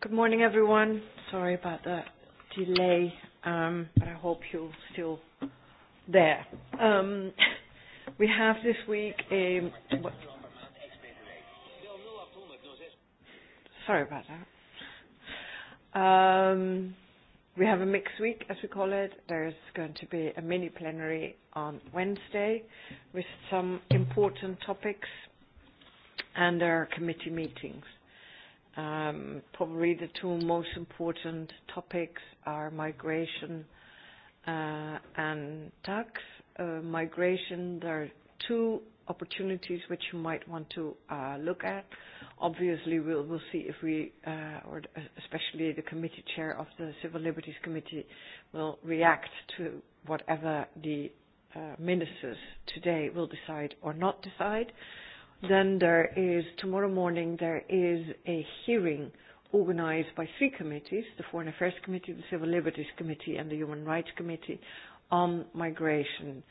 Good morning, everyone. Sorry about the delay, um, but I hope you're still there. Um, we have this week a. Sorry about that. Um, we have a mixed week, as we call it. There's going to be a mini plenary on Wednesday with some important topics, and there are committee meetings. Um, probably the two most important topics are migration uh, and tax. Uh, migration, there are two opportunities which you might want to uh, look at. Obviously, we'll, we'll see if we, uh, or especially the committee chair of the Civil Liberties Committee, will react to whatever the ministers today will decide or not decide. Then there is, tomorrow morning, there is a hearing organized by three committees, the Foreign Affairs Committee, the Civil Liberties Committee, and the Human Rights Committee, on migration.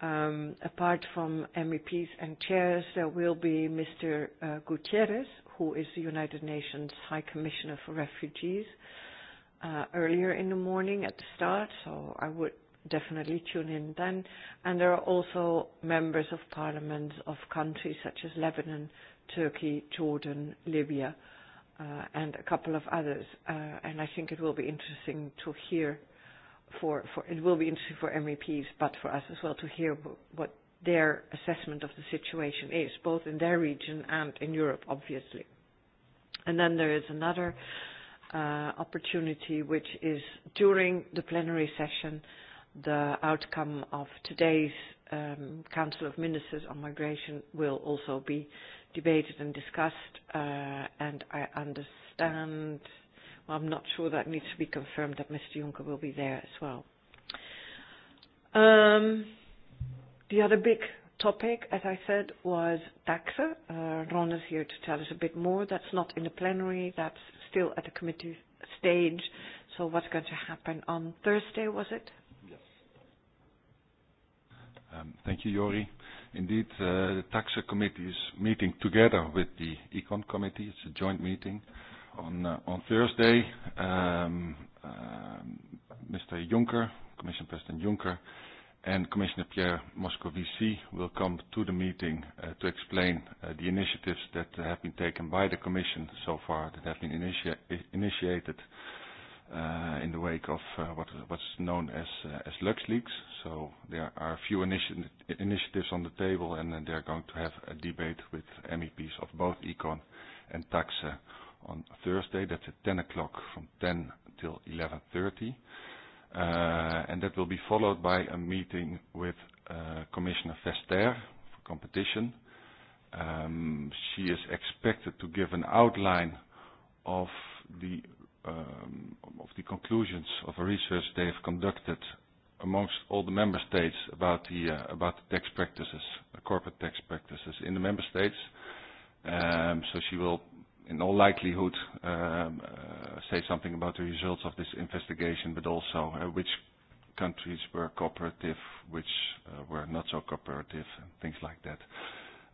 Um, apart from MEPs and chairs, there will be Mr. Gutierrez, who is the United Nations High Commissioner for Refugees, uh, earlier in the morning at the start, so I would definitely tune in then. And there are also members of parliaments of countries such as Lebanon, Turkey, Jordan, Libya, and a couple of others. And I think it will be interesting to hear for, for it will be interesting for MEPs, but for us as well to hear what their assessment of the situation is, both in their region and in Europe, obviously. And then there is another opportunity, which is during the plenary session the outcome of today's um, Council of Ministers on Migration will also be debated and discussed, uh, and I understand, well, I'm not sure that needs to be confirmed that Mr. Juncker will be there as well. Um, the other big topic, as I said, was taxa. Uh, Ron is here to tell us a bit more. That's not in the plenary, that's still at the committee stage. So what's going to happen on Thursday, was it? Thank you, Jori. Indeed, the Taxa Committee is meeting together with the Econ Committee. It's a joint meeting on on Thursday. Mr. Juncker, Commission President Juncker, and Commissioner Pierre Moscovici will come to the meeting to explain the initiatives that have been taken by the Commission so far that have been initiated in the wake of what what's known as as LuxLeaks. So there are a few initiatives on the table, and then they're going to have a debate with MEPs of both Econ and Taxa on Thursday. That's at 10 o'clock from 10 till 11.30. and that will be followed by a meeting with Commissioner Vester for competition. she is expected to give an outline of the of the conclusions of a research they have conducted amongst all the member states about the about the tax practices, corporate tax practices in the member states. Um, so she will, in all likelihood, um, say something about the results of this investigation, but also which countries were cooperative, which were not so cooperative, and things like that.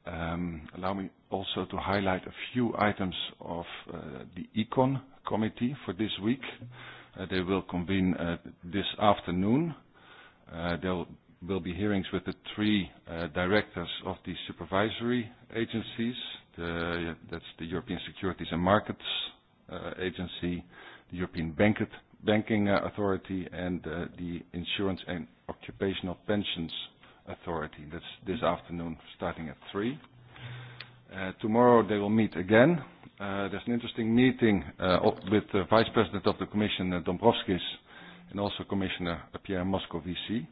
Um, allow me also to highlight a few items of the ECON committee for this week. They will convene this afternoon. There will be hearings with the three directors of the supervisory agencies. That's the European Securities and Markets Agency, the European Banking Authority, and the Insurance and Occupational Pensions Authority. That's this afternoon starting at 3. Tomorrow they will meet again. There's an interesting meeting with the Vice President of the Commission, Dombrovskis, and also Commissioner Pierre Moscovici.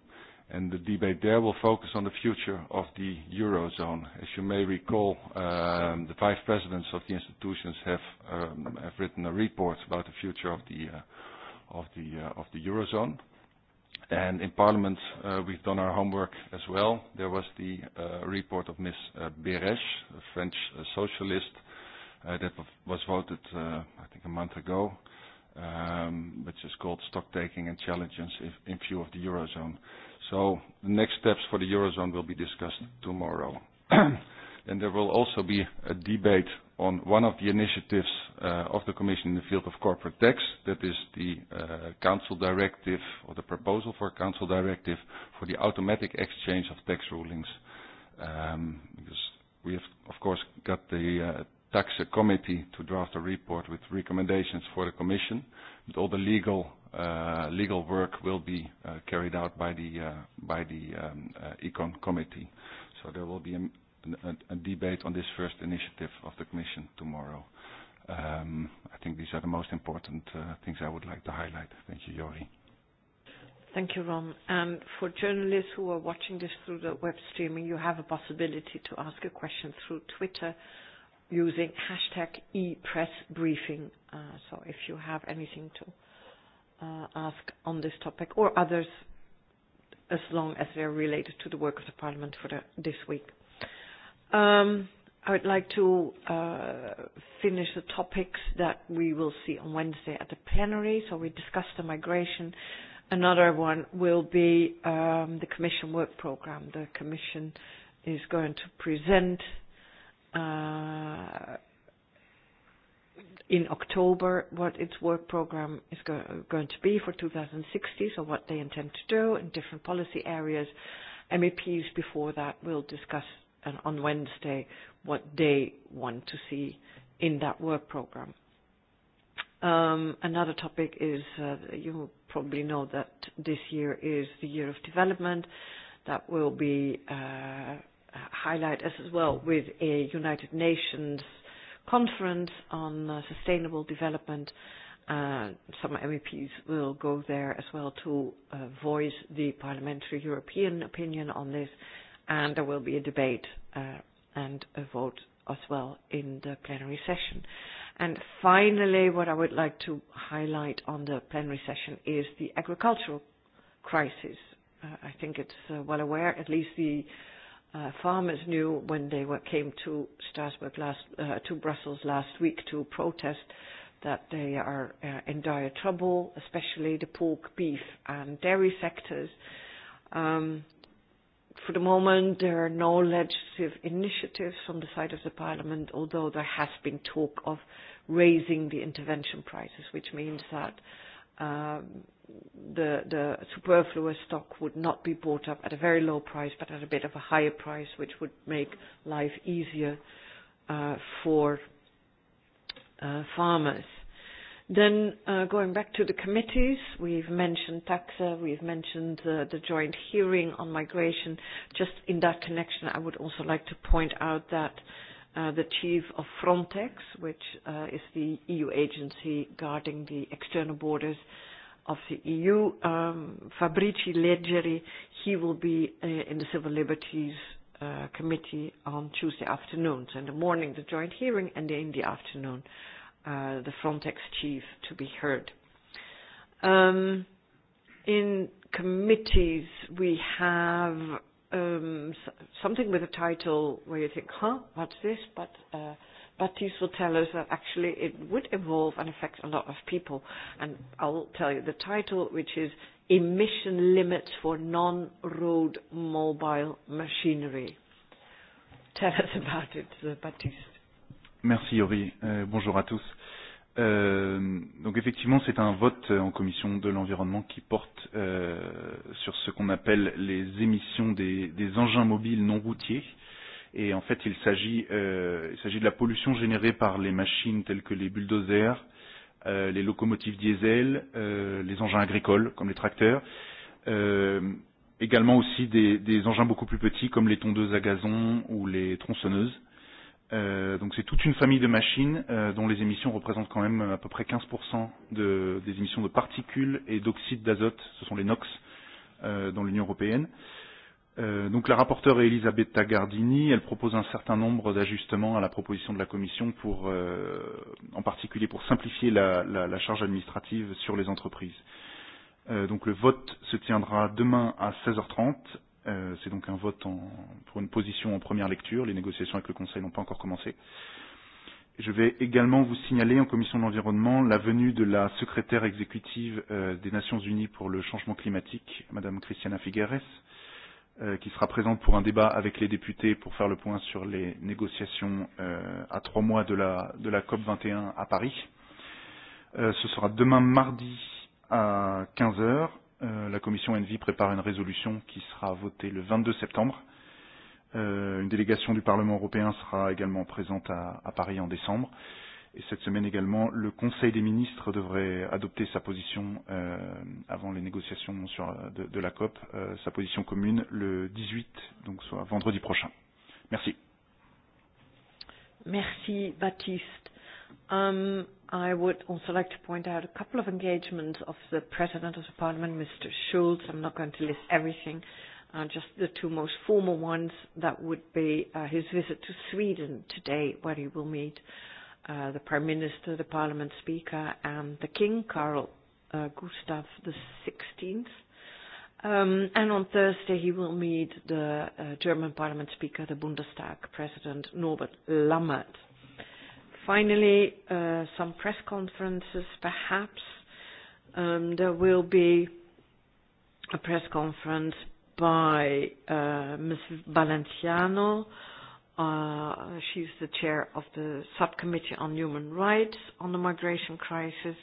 And the debate there will focus on the future of the Eurozone. As you may recall, the five Presidents of the institutions have have written a report about the future of of the the of the Eurozone. And in Parliament, we've done our homework as well. There was the report of Ms. Beres, a French socialist, that was voted, I think, a month ago, which is called Stock Taking and Challenges in View of the Eurozone. So the next steps for the Eurozone will be discussed tomorrow. And there will also be a debate on one of the initiatives of the Commission in the field of corporate tax, that is the Council Directive or the proposal for a Council Directive for the automatic exchange of tax rulings. Because we have, of course, got the Tax Committee to draft a report with recommendations for the Commission, but all the legal legal work will be carried out by the by the Econ Committee. So there will be a a debate on this first initiative of the Commission tomorrow. Um, I think these are the most important uh, things I would like to highlight. Thank you, Jori. Thank you, Ron. And for journalists who are watching this through the web streaming, you have a possibility to ask a question through Twitter using hashtag ePressBriefing. Uh, so if you have anything to uh, ask on this topic or others, as long as they are related to the work of the Parliament for the, this week. I would like to finish the topics that we will see on Wednesday at the plenary. So we discussed the migration. Another one will be the Commission work program. The Commission is going to present in October what its work program is going to be for 2060, so what they intend to do in different policy areas. MEPs before that will discuss on Wednesday what they want to see in that work program. Um, another topic is, you probably know that this year is the year of development. That will be uh, highlighted as well with a United Nations conference on sustainable development. Uh, some MEPs will go there as well to voice the parliamentary European opinion on this and there will be a debate and a vote as well in the plenary session. And finally, what I would like to highlight on the plenary session is the agricultural crisis. I think it's well aware, at least the farmers knew when they were came to Strasbourg last, to Brussels last week to protest that they are in dire trouble, especially the pork, beef and dairy sectors. Um, for the moment, there are no legislative initiatives from the side of the Parliament, although there has been talk of raising the intervention prices, which means that the the superfluous stock would not be bought up at a very low price, but at a bit of a higher price, which would make life easier for farmers. Then going back to the committees, we've mentioned taxa, we've mentioned the joint hearing on migration. Just in that connection, I would also like to point out that the chief of Frontex, which is the EU agency guarding the external borders of the EU, Fabrici Leggeri, he will be in the Civil Liberties Committee on Tuesday So In the morning, the joint hearing, and in the afternoon, the Frontex chief to be heard. Um, in committees, we have um, something with a title where you think, huh, what's this? But uh, Baptiste will tell us that actually it would involve and affect a lot of people. And I'll tell you the title, which is Emission Limits for Non-Road Mobile Machinery. Tell us about it, Baptiste. Merci, Yori. bonjour à tous donc effectivement, c'est un vote en commission de l'environnement qui porte sur ce qu'on appelle les émissions des, des engins mobiles non routiers. Et en fait, il s'agit euh, de la pollution générée par les machines telles que les bulldozers, euh, les locomotives diesel, euh, les engins agricoles comme les tracteurs, euh, également aussi des, des engins beaucoup plus petits comme les tondeuses à gazon ou les tronçonneuses donc c'est toute une famille de machines dont les émissions représentent quand même à peu près 15% de, des émissions de particules et d'oxyde d'azote, ce sont les NOx dans l'Union Européenne. donc la rapporteure est Elisabeth Tagardini, elle propose un certain nombre d'ajustements à la proposition de la Commission pour, en particulier pour simplifier la, la, la charge administrative sur les entreprises. donc le vote se tiendra demain à 16h30 C'est donc un vote en, pour une position en première lecture. Les négociations avec le Conseil n'ont pas encore commencé. Je vais également vous signaler en commission de l'environnement la venue de la secrétaire exécutive des Nations Unies pour le changement climatique, Madame Christiana Figueres, qui sera présente pour un débat avec les députés pour faire le point sur les négociations à trois mois de la, de la COP21 à Paris. Ce sera demain mardi à 15 heures la commission ENVI prépare une résolution qui sera votée le 22 septembre. Une délégation du Parlement européen sera également présente à Paris en décembre. Et cette semaine également, le Conseil des ministres devrait adopter sa position avant les négociations sur de la COP, sa position commune le 18, donc soit vendredi prochain. Merci. Merci, Baptiste. I would also like to point out a couple of engagements of the President of the Parliament, Mr. Schulz. I'm not going to list everything, just the two most formal ones. That would be his visit to Sweden today, where he will meet the Prime Minister, the Parliament Speaker, and the King, Carl Gustav XVI. Um, and on Thursday he will meet the German Parliament Speaker, the Bundestag President Norbert Lammert. Finally, some press conferences perhaps. There will be a press conference by Ms. Valenciano. She's the chair of the Subcommittee on Human Rights on the Migration Crisis.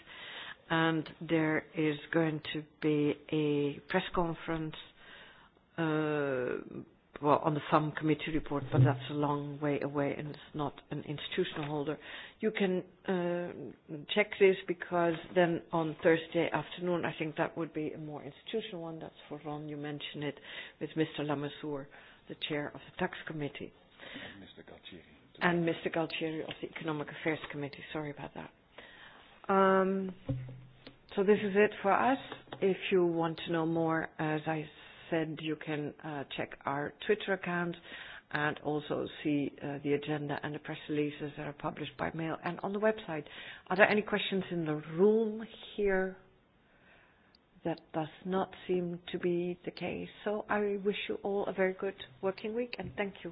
And there is going to be a press conference well, on the FAM committee report, but that's a long way away and it's not an institutional holder. You can uh, check this because then on Thursday afternoon, I think that would be a more institutional one. That's for Ron. You mentioned it with Mr. Lamassoure, the chair of the tax committee. And Mr. Galtieri. And Mr. of the Economic Affairs Committee. Sorry about that. Um, so this is it for us. If you want to know more, as I said, you can check our Twitter account and also see the agenda and the press releases that are published by mail and on the website. Are there any questions in the room here? That does not seem to be the case. So I wish you all a very good working week and thank you.